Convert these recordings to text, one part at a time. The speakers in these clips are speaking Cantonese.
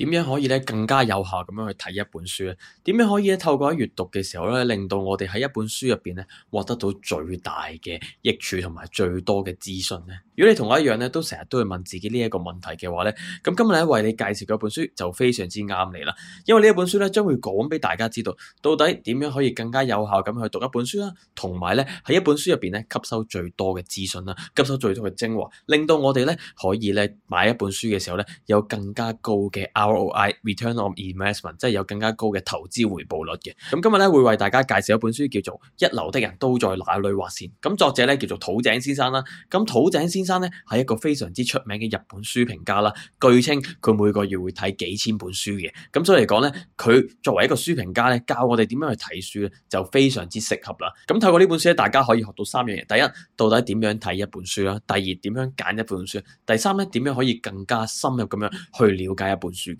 點樣可以咧更加有效咁樣去睇一本書咧？點樣可以咧透過喺閱讀嘅時候咧，令到我哋喺一本書入邊咧，獲得到最大嘅益處同埋最多嘅資訊咧？如果你同我一樣咧，都成日都會問自己呢一個問題嘅話咧，咁今日咧為你介紹嘅一本書就非常之啱你啦。因為呢一本書咧，將會講俾大家知道到底點樣可以更加有效咁去讀一本書啦，同埋咧喺一本書入邊咧，吸收最多嘅資訊啦，吸收最多嘅精華，令到我哋咧可以咧買一本書嘅時候咧，有更加高嘅 I return on investment，即係有更加高嘅投資回報率嘅。咁今日咧會為大家介紹一本書，叫做《一流的人都在哪裡劃線》。咁作者咧叫做土井先生啦。咁土井先生咧係一個非常之出名嘅日本書評家啦。據稱佢每個月會睇幾千本書嘅。咁所以嚟講咧，佢作為一個書評家咧，教我哋點樣去睇書咧，就非常之適合啦。咁透過呢本書咧，大家可以學到三樣嘢：第一，到底點樣睇一本書啦；第二，點樣揀一本書；第三咧，點樣可以更加深入咁樣去了解一本書。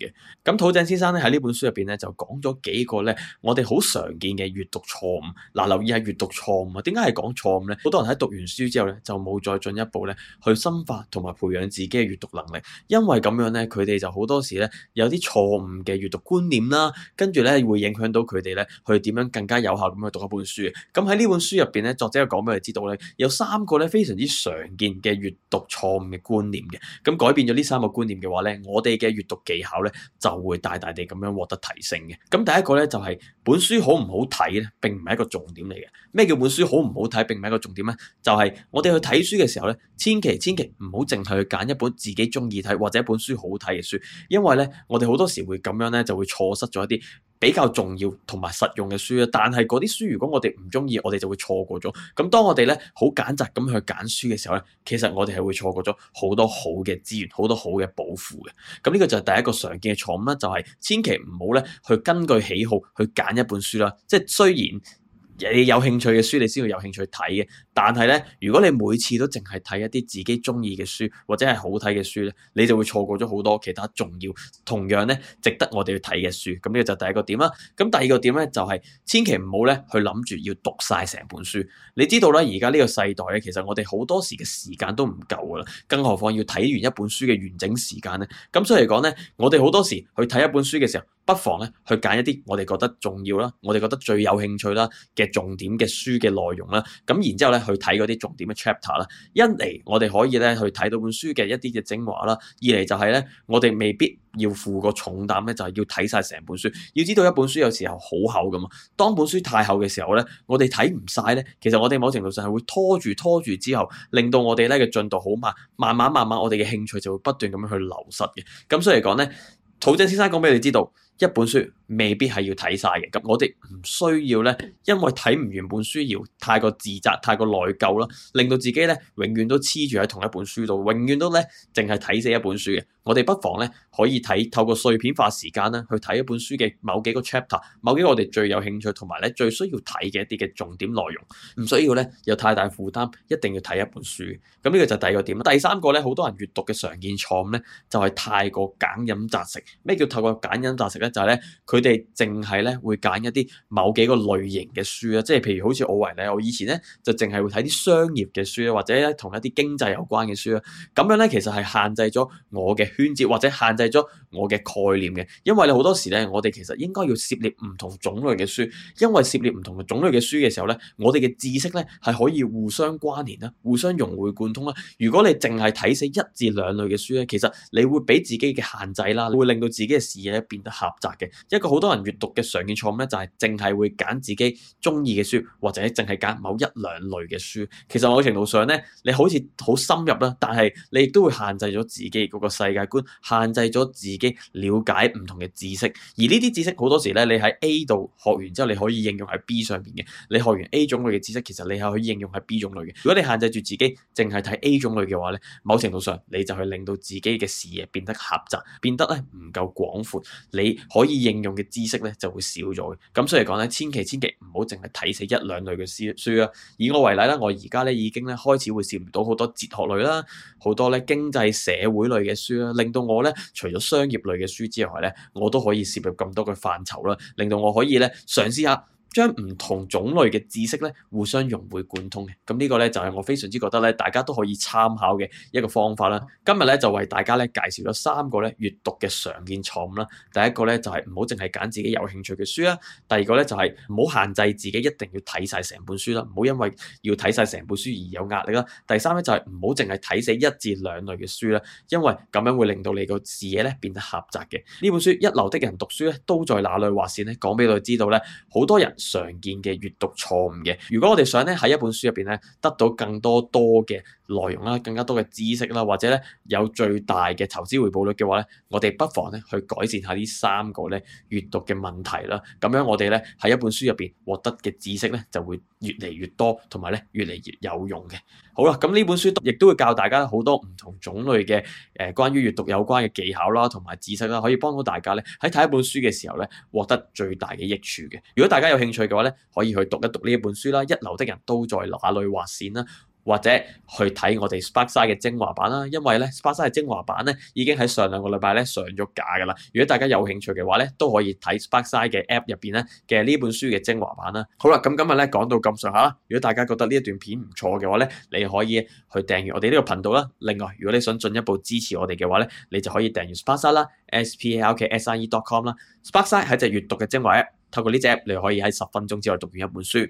咁土井先生咧喺呢本書入邊咧就講咗幾個咧我哋好常見嘅閱讀錯誤嗱，留意下閱讀錯誤啊，點解係講錯誤咧？好多人喺讀完書之後咧就冇再進一步咧去深化同埋培養自己嘅閱讀能力，因為咁樣咧佢哋就好多時咧有啲錯誤嘅閱讀觀念啦，跟住咧會影響到佢哋咧去點樣更加有效咁去讀一本書。咁喺呢本書入邊咧，作者又講俾佢知道咧有三個咧非常之常見嘅閱讀錯誤嘅觀念嘅，咁改變咗呢三個觀念嘅話咧，我哋嘅閱讀技巧咧。就會大大地咁樣獲得提升嘅。咁第一個呢，就係本書好唔好睇呢？並唔係一個重點嚟嘅。咩叫本書好唔好睇？並唔係一個重點呢，就係我哋去睇書嘅時候呢，千祈千祈唔好淨係去揀一本自己中意睇或者一本書好睇嘅書，因為呢，我哋好多時會咁樣呢，就會錯失咗一啲。比較重要同埋實用嘅書，但係嗰啲書如果我哋唔中意，我哋就會錯過咗。咁當我哋咧好揀擇咁去揀書嘅時候咧，其實我哋係會錯過咗好多好嘅資源，好多好嘅寶庫嘅。咁呢個就係第一個常見嘅錯誤啦，就係、是、千祈唔好咧去根據喜好去揀一本書啦。即係雖然。你有興趣嘅書，你先會有興趣睇嘅。但係呢，如果你每次都淨係睇一啲自己中意嘅書，或者係好睇嘅書呢，你就會錯過咗好多其他重要、同樣呢值得我哋去睇嘅書。咁呢個就第一個點啦。咁第二個點呢，就係千祈唔好呢去諗住要讀晒成本書。你知道咧，而家呢個世代呢，其實我哋好多時嘅時間都唔夠噶啦，更何況要睇完一本書嘅完整時間呢？咁所以嚟講呢，我哋好多時去睇一本書嘅時候。不妨咧去揀一啲我哋覺得重要啦，我哋覺得最有興趣啦嘅重點嘅書嘅內容啦，咁然之後咧去睇嗰啲重點嘅 chapter 啦。一嚟我哋可以咧去睇到本書嘅一啲嘅精華啦；二嚟就係咧我哋未必要負個重擔咧，就係要睇晒成本書。要知道一本書有時候好厚㗎嘛，當本書太厚嘅時候咧，我哋睇唔晒咧，其實我哋某程度上係會拖住拖住之後，令到我哋咧嘅進度好慢，慢慢慢慢我哋嘅興趣就會不斷咁樣去流失嘅。咁所以嚟講咧，土井先生講俾你知道。一本書，未必係要睇晒嘅，咁我哋唔需要咧，因為睇唔完本書要太過自責、太過內疚啦，令到自己咧永遠都黐住喺同一本書度，永遠都咧淨係睇死一本書嘅。我哋不妨咧可以睇透過碎片化時間啦，去睇一本書嘅某幾個 chapter，某幾個我哋最有興趣同埋咧最需要睇嘅一啲嘅重點內容，唔需要咧有太大負擔，一定要睇一本書。咁呢個就係第二個點啦。第三個咧，好多人閱讀嘅常見錯誤咧，就係太過揀飲擇食。咩叫透過揀飲擇食咧？就係咧佢。你哋淨係咧會揀一啲某幾個類型嘅書啊，即係譬如好似我為例，我以前咧就淨係會睇啲商業嘅書啊，或者咧同一啲經濟有關嘅書啊，咁樣咧其實係限制咗我嘅圈子，或者限制咗我嘅概念嘅。因為你好多時咧，我哋其實應該要涉獵唔同種類嘅書，因為涉獵唔同嘅種類嘅書嘅時候咧，我哋嘅知識咧係可以互相關聯啦，互相融會貫通啦。如果你淨係睇死一至兩類嘅書咧，其實你會俾自己嘅限制啦，會令到自己嘅視野變得狹窄嘅一個。好多人閱讀嘅常見錯誤咧，就係淨係會揀自己中意嘅書，或者淨係揀某一兩類嘅書。其實某程度上咧，你好似好深入啦，但係你亦都會限制咗自己嗰個世界觀，限制咗自己了解唔同嘅知識。而呢啲知識好多時咧，你喺 A 度學完之後，你可以應用喺 B 上邊嘅。你學完 A 種類嘅知識，其實你係可以應用喺 B 種類嘅。如果你限制住自己淨係睇 A 種類嘅話咧，某程度上你就係令到自己嘅視野變得狹窄，變得咧唔夠廣闊。你可以應用嘅。知識咧就會少咗嘅，咁所以嚟講咧，千祈千祈唔好淨係睇死一兩類嘅書書啦。以我為例啦，我而家咧已經咧開始會涉獵到好多哲學類啦，好多咧經濟社會類嘅書啦，令到我咧除咗商業類嘅書之外咧，我都可以涉入咁多嘅範疇啦，令到我可以咧嘗試下。將唔同種類嘅知識呢互相融會貫通嘅，咁呢個呢就係我非常之覺得呢，大家都可以參考嘅一個方法啦。今日呢，就為大家呢介紹咗三個呢閱讀嘅常見錯誤啦。第一個呢，就係唔好淨係揀自己有興趣嘅書啦，第二個呢，就係唔好限制自己一定要睇晒成本書啦，唔好因為要睇晒成本書而有壓力啦。第三呢，就係唔好淨係睇寫一至兩類嘅書啦，因為咁樣會令到你個視野呢變得狹窄嘅。呢本書《一流的人讀書呢都在哪裏畫線》呢講俾佢知道呢，好多人。常見嘅閱讀錯誤嘅，如果我哋想咧喺一本書入邊咧，得到更多多嘅。內容啦，更加多嘅知識啦，或者咧有最大嘅投資回報率嘅話咧，我哋不妨咧去改善下呢三個咧閱讀嘅問題啦。咁樣我哋咧喺一本書入邊獲得嘅知識咧就會越嚟越多，同埋咧越嚟越有用嘅。好啦，咁呢本書亦都會教大家好多唔同種類嘅誒關於閱讀有關嘅技巧啦，同埋知識啦，可以幫到大家咧喺睇一本書嘅時候咧獲得最大嘅益處嘅。如果大家有興趣嘅話咧，可以去讀一讀呢一本書啦，《一流的人都在哪裏畫線》啦。或者去睇我哋 Sparkside 嘅精華版啦，因為咧 Sparkside 嘅精華版咧，已經喺上兩個禮拜咧上咗架㗎啦。如果大家有興趣嘅話咧，都可以睇 Sparkside 嘅 App 入邊咧嘅呢本書嘅精華版啦。好啦，咁今日咧講到咁上下啦。如果大家覺得呢一段片唔錯嘅話咧，你可以去訂閱我哋呢個頻道啦。另外，如果你想進一步支持我哋嘅話咧，你就可以訂閱 Sparkside 啦 SP、a l k、，s p a l k s i e dot com 啦。Sparkside 係隻閱讀嘅精華 App，透過呢隻 App 你可以喺十分鐘之內讀完一本書。